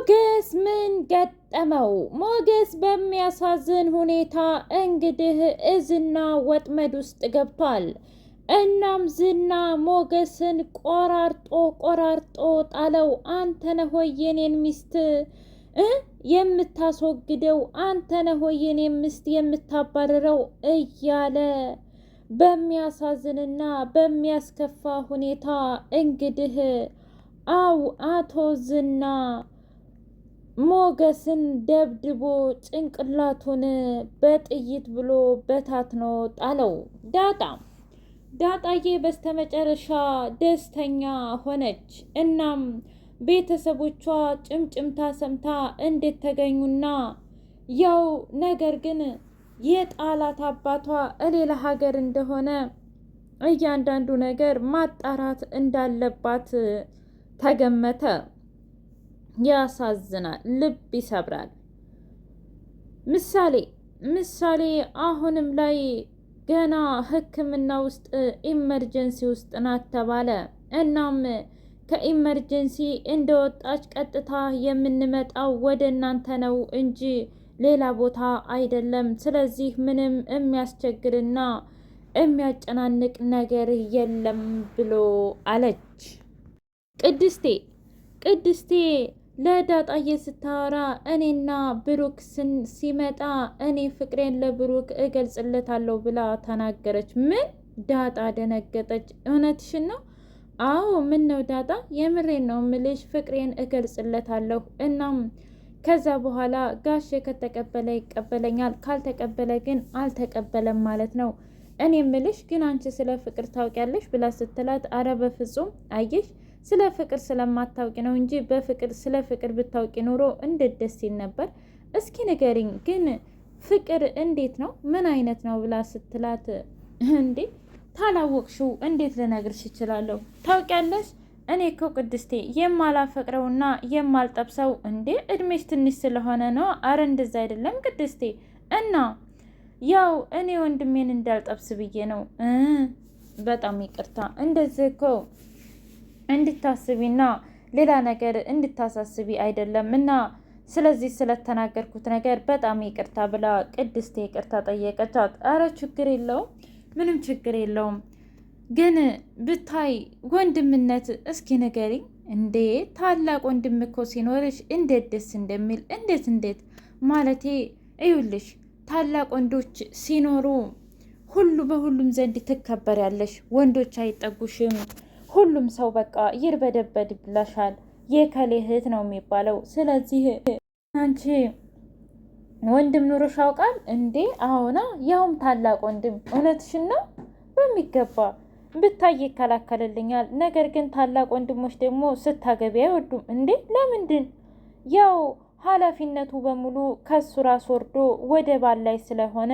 ሞገስ ምን ገጠመው? ሞገስ በሚያሳዝን ሁኔታ እንግዲህ እዝና ወጥመድ ውስጥ ገብቷል። እናም ዝና ሞገስን ቆራርጦ ቆራርጦ ጣለው። አንተ ነህ የኔን ሚስት እ የምታስወግደው አንተ ነህ ምስት የኔን ሚስት የምታባረረው እያለ በሚያሳዝንና በሚያስከፋ ሁኔታ እንግዲህ አው አቶ ዝና ሞገስን ደብድቦ ጭንቅላቱን በጥይት ብሎ በታትኖ ጣለው። ዳጣ ዳጣዬ በስተመጨረሻ ደስተኛ ሆነች። እናም ቤተሰቦቿ ጭምጭምታ ሰምታ እንዴት ተገኙና ያው ነገር ግን የጣላት አባቷ እሌላ ሀገር እንደሆነ እያንዳንዱ ነገር ማጣራት እንዳለባት ተገመተ። ያሳዝናል፣ ልብ ይሰብራል። ምሳሌ ምሳሌ አሁንም ላይ ገና ሕክምና ውስጥ ኢመርጀንሲ ውስጥ ናት ተባለ። እናም ከኢመርጀንሲ እንደወጣች ቀጥታ የምንመጣው ወደ እናንተ ነው እንጂ ሌላ ቦታ አይደለም። ስለዚህ ምንም የሚያስቸግርና የሚያጨናንቅ ነገር የለም ብሎ አለች ቅድስቴ ቅድስቴ ለዳጣዬ ስታወራ እኔና ብሩክ ሲመጣ እኔ ፍቅሬን ለብሩክ እገልጽለታለሁ ብላ ተናገረች። ምን? ዳጣ ደነገጠች። እውነትሽን ነው? አዎ። ምን ነው ዳጣ፣ የምሬን ነው ምልሽ፣ ፍቅሬን እገልጽለታለሁ። እናም ከዛ በኋላ ጋሽ ከተቀበለ ይቀበለኛል፣ ካልተቀበለ ግን አልተቀበለም ማለት ነው። እኔ ምልሽ ግን አንቺ ስለ ፍቅር ታውቂያለሽ ብላ ስትላት፣ አረ በፍጹም አየሽ ስለ ፍቅር ስለማታውቂ ነው እንጂ በፍቅር ስለ ፍቅር ብታውቂ ኑሮ እንዴት ደስ ይል ነበር። እስኪ ንገሪኝ ግን ፍቅር እንዴት ነው? ምን አይነት ነው ብላ ስትላት እንዴ ታላወቅሽው እንዴት ልነግርሽ እችላለሁ? ታውቂያለሽ እኔ እኮ ቅድስቴ የማላፈቅረውና የማልጠብሰው እንዴ እድሜሽ ትንሽ ስለሆነ ነው። አረ እንደዛ አይደለም ቅድስቴ እና ያው እኔ ወንድሜን እንዳልጠብስ ብዬ ነው። በጣም ይቅርታ እንደዚህ እኮ እንድታስቢና ሌላ ነገር እንድታሳስቢ አይደለም እና ስለዚህ ስለተናገርኩት ነገር በጣም ይቅርታ ብላ ቅድስቴ ይቅርታ ጠየቀቻት። አረ ችግር የለውም ምንም ችግር የለውም ግን ብታይ ወንድምነት እስኪ ንገሪ እንዴ ታላቅ ወንድም እኮ ሲኖርሽ እንዴት ደስ እንደሚል እንዴት እንዴት ማለቴ እዩልሽ ታላቅ ወንዶች ሲኖሩ ሁሉ በሁሉም ዘንድ ያለሽ ወንዶች አይጠጉሽም ሁሉም ሰው በቃ ይርበደበድብላሻል። የከሌ እህት ነው የሚባለው። ስለዚህ አንቺ ወንድም ኑሮሽ ያውቃል እንዴ? አሁና ያውም ታላቅ ወንድም። እውነትሽን ነው በሚገባ ብታይ ይከላከልልኛል። ነገር ግን ታላቅ ወንድሞች ደግሞ ስታገቢ አይወዱም እንዴ? ለምንድን ያው ኃላፊነቱ በሙሉ ከሱ ራስ ወርዶ ወደ ባል ላይ ስለሆነ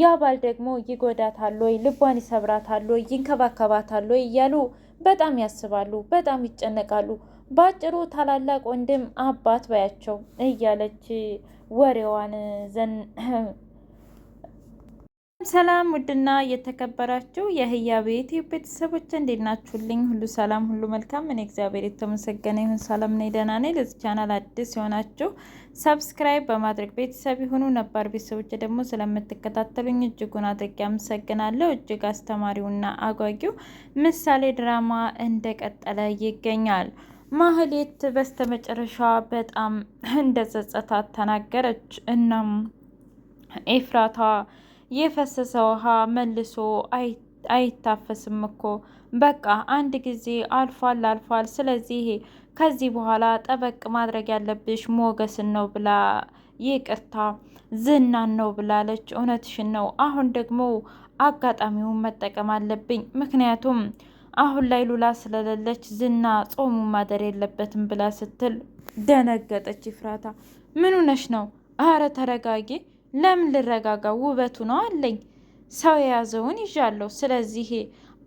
ያ ባል ደግሞ ይጎዳታል ወይ ልቧን ይሰብራታል ወይ ይንከባከባታል ወይ እያሉ በጣም ያስባሉ፣ በጣም ይጨነቃሉ። ባጭሩ ታላላቅ ወንድም አባት ባያቸው እያለች ወሬዋን ዘን ሰላም ውድና የተከበራችሁ የህያ ቤት ቤተሰቦች እንዴት ናችሁልኝ? ሁሉ ሰላም፣ ሁሉ መልካም። እኔ እግዚአብሔር የተመሰገነ ይሁን ሰላም ነኝ፣ ደህና ነኝ። ለዚህ ቻናል አዲስ የሆናችሁ ሰብስክራይብ በማድረግ ቤተሰብ የሆኑ ነባር ቤተሰቦች ደግሞ ስለምትከታተሉኝ እጅጉን አድርጌ አመሰግናለሁ። እጅግ አስተማሪውና አጓጊው ምሳሌ ድራማ እንደቀጠለ ይገኛል። ማህሌት በስተመጨረሻ በጣም እንደጸጸታት ተናገረች። እናም ኤፍራታ የፈሰሰ ውሃ መልሶ አይታፈስም እኮ። በቃ አንድ ጊዜ አልፏል አልፏል። ስለዚህ ከዚህ በኋላ ጠበቅ ማድረግ ያለብሽ ሞገስን ነው ብላ ይቅርታ ዝናን ነው ብላለች። እውነትሽን ነው። አሁን ደግሞ አጋጣሚውን መጠቀም አለብኝ ምክንያቱም አሁን ላይ ሉላ ስለሌለች ዝና ጾሙ ማደር የለበትም ብላ ስትል ደነገጠች። ይፍራታ ምን ነው? አረ ተረጋጊ ለምን ልረጋጋ? ውበቱ ነው አለኝ። ሰው የያዘውን ይዣለሁ። ስለዚህ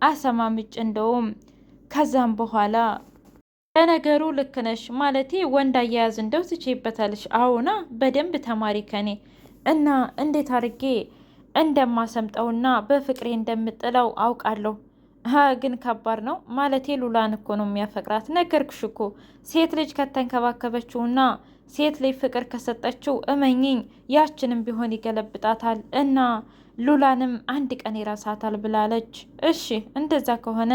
አሰማምጭ እንደውም ከዛም በኋላ ለነገሩ ልክ ነሽ ማለቴ ወንድ አያያዝ እንደው ትቼበታለሽ። አሁና በደንብ ተማሪ ከኔ እና እንዴት አድርጌ እንደማሰምጠውና በፍቅሬ እንደምጥለው አውቃለሁ። ሀ ግን ከባድ ነው ማለቴ ሉላን እኮ ነው የሚያፈቅራት። ነገርኩሽ እኮ ሴት ልጅ ከተንከባከበችውና ሴት ላይ ፍቅር ከሰጠችው እመኝኝ ያችንም ቢሆን ይገለብጣታል እና ሉላንም አንድ ቀን ይረሳታል ብላለች። እሺ እንደዛ ከሆነ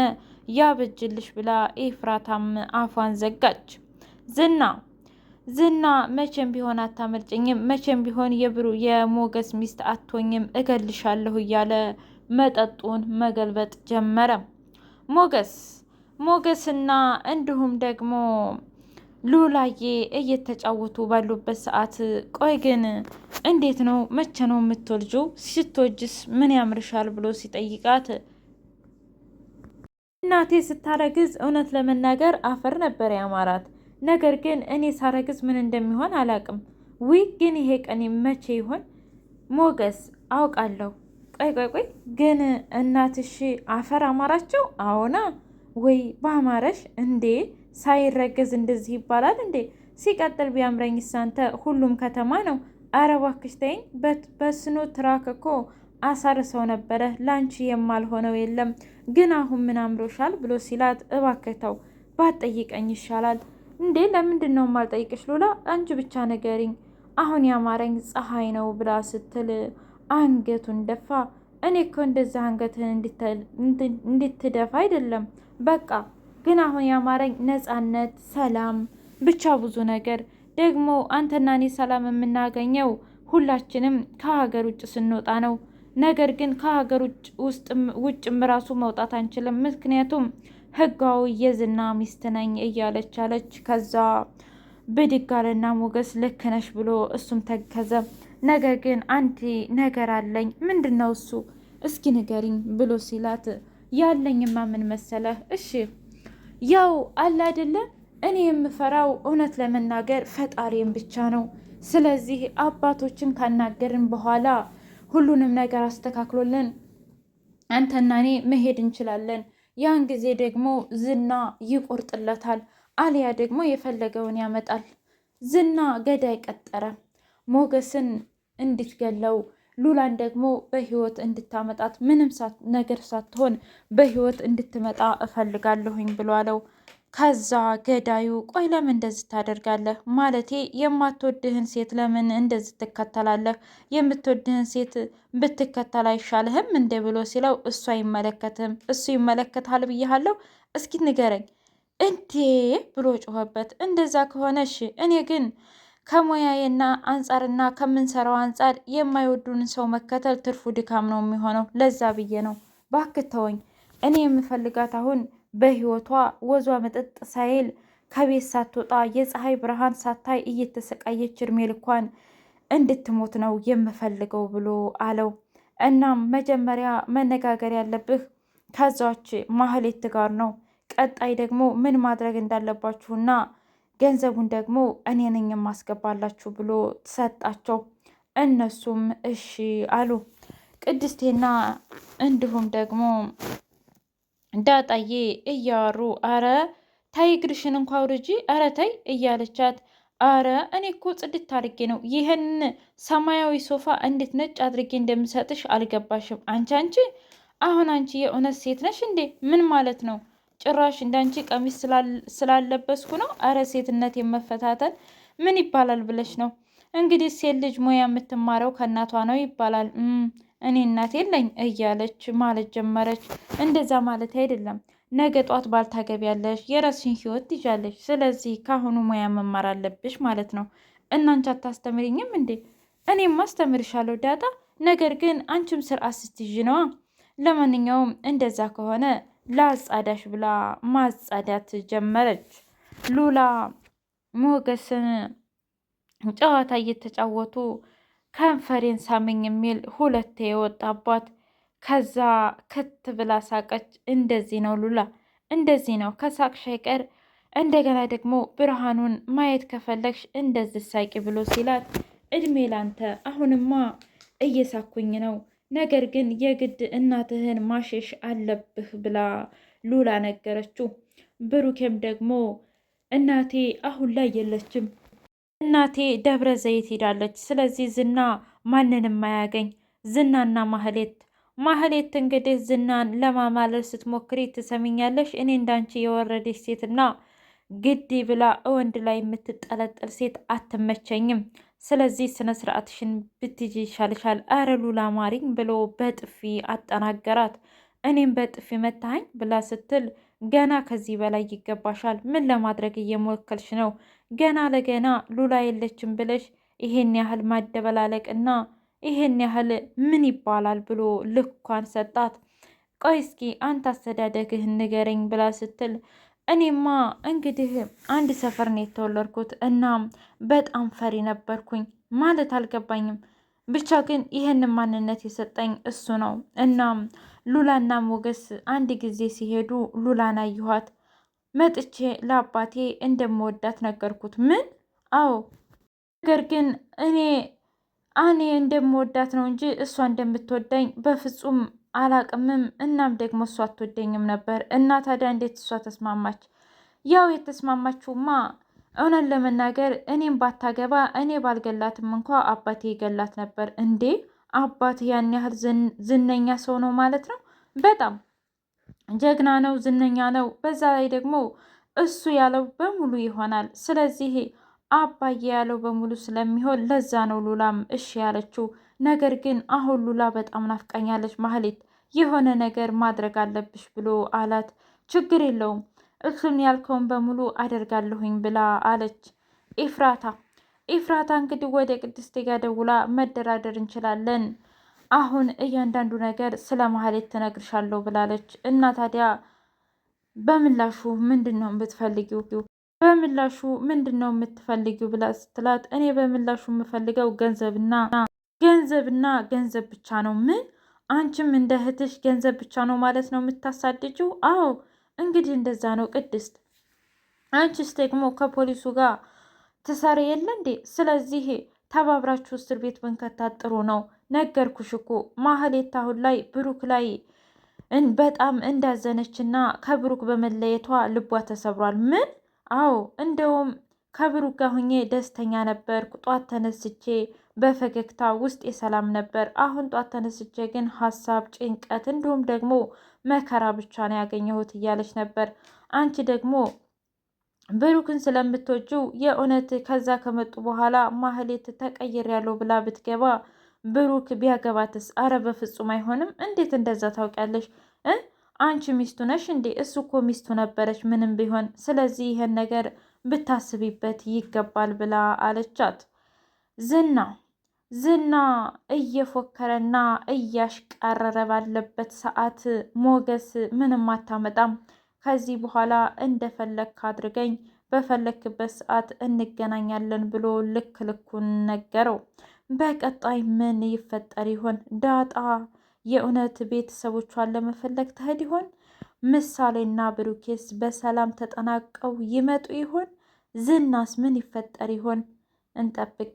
ያብጅልሽ ብላ ኤፍራታም አፏን ዘጋች። ዝና ዝና መቼም ቢሆን አታመልጭኝም፣ መቼም ቢሆን የብሩ የሞገስ ሚስት አትሆኝም፣ እገልሻለሁ እያለ መጠጡን መገልበጥ ጀመረ። ሞገስ ሞገስና እንዲሁም ደግሞ ሉላዬ እየተጫወቱ ባሉበት ሰዓት ቆይ ግን እንዴት ነው መቼ ነው የምትወልጁ? ስትወጅስ ምን ያምርሻል ብሎ ሲጠይቃት እናቴ ስታረግዝ እውነት ለመናገር አፈር ነበር ያማራት። ነገር ግን እኔ ሳረግዝ ምን እንደሚሆን አላቅም። ዊ ግን ይሄ ቀን መቼ ይሆን? ሞገስ አውቃለሁ። ቆይ ቆይ ቆይ ግን እናትሽ አፈር አማራቸው? አዎና ወይ ባማረሽ እንዴ ሳይረገዝ እንደዚህ ይባላል እንዴ? ሲቀጥል ቢያምረኝ ሳንተ ሁሉም ከተማ ነው። አረ እባክሽ ተይኝ። በስኖ ትራክ እኮ አሳርሰው ነበረ። ላንቺ የማልሆነው የለም ግን አሁን ምን አምሮሻል ብሎ ሲላት፣ እባክተው ባትጠይቀኝ ይሻላል። እንዴ ለምንድን ነው የማልጠይቅሽ? ሎላ አንቺ ብቻ ንገሪኝ። አሁን ያማረኝ ፀሐይ ነው ብላ ስትል አንገቱን ደፋ። እኔ እኮ እንደዛ አንገትህን እንድትደፋ አይደለም በቃ ግን አሁን ያማረኝ ነፃነት፣ ሰላም ብቻ ብዙ ነገር ደግሞ አንተና እኔ ሰላም የምናገኘው ሁላችንም ከሀገር ውጭ ስንወጣ ነው። ነገር ግን ከሀገር ውስጥ ውጭም ራሱ መውጣት አንችልም፣ ምክንያቱም ህጋዊ የዝና ሚስት ነኝ እያለች አለች። ከዛ ብድጋልና ሞገስ ልክ ነሽ ብሎ እሱም ተከዘ። ነገር ግን አንድ ነገር አለኝ። ምንድን ነው እሱ? እስኪ ንገሪኝ ብሎ ሲላት ያለኝማ ምን መሰለህ? እሺ ያው አለ አይደለ እኔ የምፈራው እውነት ለመናገር ፈጣሪን ብቻ ነው። ስለዚህ አባቶችን ካናገርን በኋላ ሁሉንም ነገር አስተካክሎልን አንተና እኔ መሄድ እንችላለን። ያን ጊዜ ደግሞ ዝና ይቆርጥለታል፣ አሊያ ደግሞ የፈለገውን ያመጣል። ዝና ገዳይ ቀጠረ ሞገስን እንድትገለው ሉላን ደግሞ በህይወት እንድታመጣት ምንም ነገር ሳትሆን በህይወት እንድትመጣ እፈልጋለሁኝ ብሎ አለው። ከዛ ገዳዩ ቆይ ለምን እንደዚህ ታደርጋለህ? ማለቴ የማትወድህን ሴት ለምን እንደዚህ ትከተላለህ? የምትወድህን ሴት ብትከተል አይሻልህም እንደ ብሎ ሲለው እሱ አይመለከትም እሱ ይመለከታል ብያሃለሁ። እስኪ ንገረኝ እንዴ ብሎ ጮኸበት። እንደዛ ከሆነ እሺ እኔ ግን ከሙያዬና አንጻርና ከምንሰራው አንጻር የማይወዱን ሰው መከተል ትርፉ ድካም ነው የሚሆነው። ለዛ ብዬ ነው ባክተወኝ። እኔ የምፈልጋት አሁን በህይወቷ ወዟ መጠጥ ሳይል ከቤት ሳትወጣ የፀሐይ ብርሃን ሳታይ እየተሰቃየች እድሜ ልኳን እንድትሞት ነው የምፈልገው ብሎ አለው። እናም መጀመሪያ መነጋገር ያለብህ ከዛች ማህሌት ጋር ነው። ቀጣይ ደግሞ ምን ማድረግ እንዳለባችሁና ገንዘቡን ደግሞ እኔ ነኝ የማስገባላችሁ ብሎ ሰጣቸው። እነሱም እሺ አሉ። ቅድስቴና እንዲሁም ደግሞ ዳጣዬ እያወሩ አረ ታይ እግርሽን እንኳ ውርጂ፣ አረ ታይ እያለቻት አረ እኔ እኮ ጽድት አድርጌ ነው ይህን ሰማያዊ ሶፋ እንዴት ነጭ አድርጌ እንደምሰጥሽ አልገባሽም። አንቺ አንቺ አሁን አንቺ የእውነት ሴት ነሽ እንዴ? ምን ማለት ነው? ጭራሽ እንዳንቺ ቀሚስ ስላለበስኩ ነው? አረ ሴትነት የመፈታተን ምን ይባላል ብለሽ ነው? እንግዲህ ሴት ልጅ ሙያ የምትማረው ከእናቷ ነው ይባላል። እኔ እናት የለኝ እያለች ማለት ጀመረች። እንደዛ ማለት አይደለም። ነገ ጧት ባልታገቢያለሽ፣ የራስሽን ህይወት ትይዣለሽ። ስለዚህ ከአሁኑ ሙያ መማር አለብሽ ማለት ነው። እናንቺ አታስተምሪኝም እንዴ? እኔም አስተምርሻለሁ ዳጣ፣ ነገር ግን አንቺም ስርዓት ስትይዥ ነዋ። ለማንኛውም እንደዛ ከሆነ ላጻዳሽ ብላ ማጻዳት ጀመረች። ሉላ ሞገስን ጨዋታ እየተጫወቱ ከንፈሬን ሳምኝ የሚል ሁለቴ የወጣባት ከዛ ክት ብላ ሳቀች። እንደዚህ ነው ሉላ፣ እንደዚህ ነው ከሳቅሽ አይቀር እንደገና ደግሞ ብርሃኑን ማየት ከፈለግሽ እንደዚህ ሳቂ ብሎ ሲላት፣ እድሜ ላንተ፣ አሁንማ እየሳኩኝ ነው ነገር ግን የግድ እናትህን ማሸሽ አለብህ ብላ ሉላ ነገረችው። ብሩኬም ደግሞ እናቴ አሁን ላይ የለችም፣ እናቴ ደብረ ዘይት ሄዳለች። ስለዚህ ዝና ማንንም አያገኝ። ዝናና ማህሌት ማህሌት እንግዲህ ዝናን ለማማለል ስትሞክሪ ትሰሚኛለሽ፣ እኔ እንዳንቺ የወረደች ሴትና ግዲ ብላ ወንድ ላይ የምትጠለጠል ሴት አትመቸኝም። ስለዚህ ስነ ስርዓትሽን ብትይጂ ይሻልሻል፣ አረ ሉላ ማሪኝ ብሎ በጥፊ አጠናገራት። እኔም በጥፊ መታኝ ብላ ስትል ገና ከዚህ በላይ ይገባሻል፣ ምን ለማድረግ እየሞከልሽ ነው? ገና ለገና ሉላ የለችም ብለሽ ይሄን ያህል ማደበላለቅ እና ይሄን ያህል ምን ይባላል ብሎ ልኳን ሰጣት። ቆይ እስኪ አንተ አስተዳደግህን ንገረኝ ብላ ስትል እኔማ እንግዲህ አንድ ሰፈር ነው የተወለድኩት እና በጣም ፈሪ ነበርኩኝ ማለት አልገባኝም። ብቻ ግን ይህንን ማንነት የሰጠኝ እሱ ነው። እናም ሉላና ሞገስ አንድ ጊዜ ሲሄዱ ሉላን አየኋት። መጥቼ ለአባቴ እንደምወዳት ነገርኩት። ምን? አዎ ነገር ግን እኔ እኔ እንደምወዳት ነው እንጂ እሷ እንደምትወዳኝ በፍጹም አላቅምም። እናም ደግሞ እሷ አትወደኝም ነበር እና ታዲያ እንዴት እሷ ተስማማች? ያው የተስማማችውማ እውነት ለመናገር እኔም ባታገባ እኔ ባልገላትም እንኳ አባቴ ይገላት ነበር። እንዴ አባት ያን ያህል ዝነኛ ሰው ነው ማለት ነው። በጣም ጀግና ነው፣ ዝነኛ ነው። በዛ ላይ ደግሞ እሱ ያለው በሙሉ ይሆናል። ስለዚህ አባዬ ያለው በሙሉ ስለሚሆን ለዛ ነው ሉላም እሺ ያለችው። ነገር ግን አሁን ሉላ በጣም ናፍቃኛለች ማህሌት፣ የሆነ ነገር ማድረግ አለብሽ ብሎ አላት። ችግር የለውም እሱን ያልከውን በሙሉ አደርጋለሁኝ ብላ አለች ኤፍራታ። ኤፍራታ እንግዲህ ወደ ቅድስቴ ጋ ደውላ መደራደር እንችላለን፣ አሁን እያንዳንዱ ነገር ስለ ማህሌት ትነግርሻለሁ ብላለች። እና ታዲያ በምላሹ ምንድን ነው የምትፈልጊው? በምላሹ ምንድን ነው የምትፈልጊው ብላ ስትላት፣ እኔ በምላሹ የምፈልገው ገንዘብና ገንዘብና ገንዘብ ብቻ ነው። ምን አንቺም እንደ እህትሽ ገንዘብ ብቻ ነው ማለት ነው የምታሳድጂው? አዎ እንግዲህ እንደዛ ነው ቅድስት። አንቺስ ደግሞ ከፖሊሱ ጋር ትሰሪ የለ እንዴ? ስለዚህ ተባብራችሁ እስር ቤት ብንከታት ጥሩ ነው። ነገርኩሽ እኮ ማህሌት አሁን ላይ ብሩክ ላይ በጣም እንዳዘነችና ከብሩክ በመለየቷ ልቧ ተሰብሯል። ምን አዎ እንደውም ከብሩክ ጋር ሁኜ ደስተኛ ነበርኩ። ጧት ተነስቼ በፈገግታ ውስጥ የሰላም ነበር። አሁን ጧት ተነስቼ ግን ሀሳብ፣ ጭንቀት እንዲሁም ደግሞ መከራ ብቻ ነው ያገኘሁት እያለች ነበር። አንቺ ደግሞ ብሩክን ስለምትወጂው የእውነት ከዛ ከመጡ በኋላ ማህሌት ተቀይር ያለው ብላ ብትገባ ብሩክ ቢያገባትስ? አረ በፍጹም አይሆንም። እንዴት እንደዛ ታውቂያለሽ? አንቺ ሚስቱ ነሽ እንዴ? እሱ እኮ ሚስቱ ነበረች ምንም ቢሆን። ስለዚህ ይሄን ነገር ብታስቢበት ይገባል ብላ አለቻት። ዝና ዝና እየፎከረና እያሽቃረረ ባለበት ሰዓት ሞገስ ምንም አታመጣም። ከዚህ በኋላ እንደፈለግክ አድርገኝ፣ በፈለግክበት ሰዓት እንገናኛለን ብሎ ልክ ልኩን ነገረው። በቀጣይ ምን ይፈጠር ይሆን ዳጣ የእውነት ቤተሰቦቿን ለመፈለግ ትሄድ ይሆን? ምሳሌና ብሩኬስ በሰላም ተጠናቀው ይመጡ ይሆን? ዝናስ ምን ይፈጠር ይሆን? እንጠብቅ።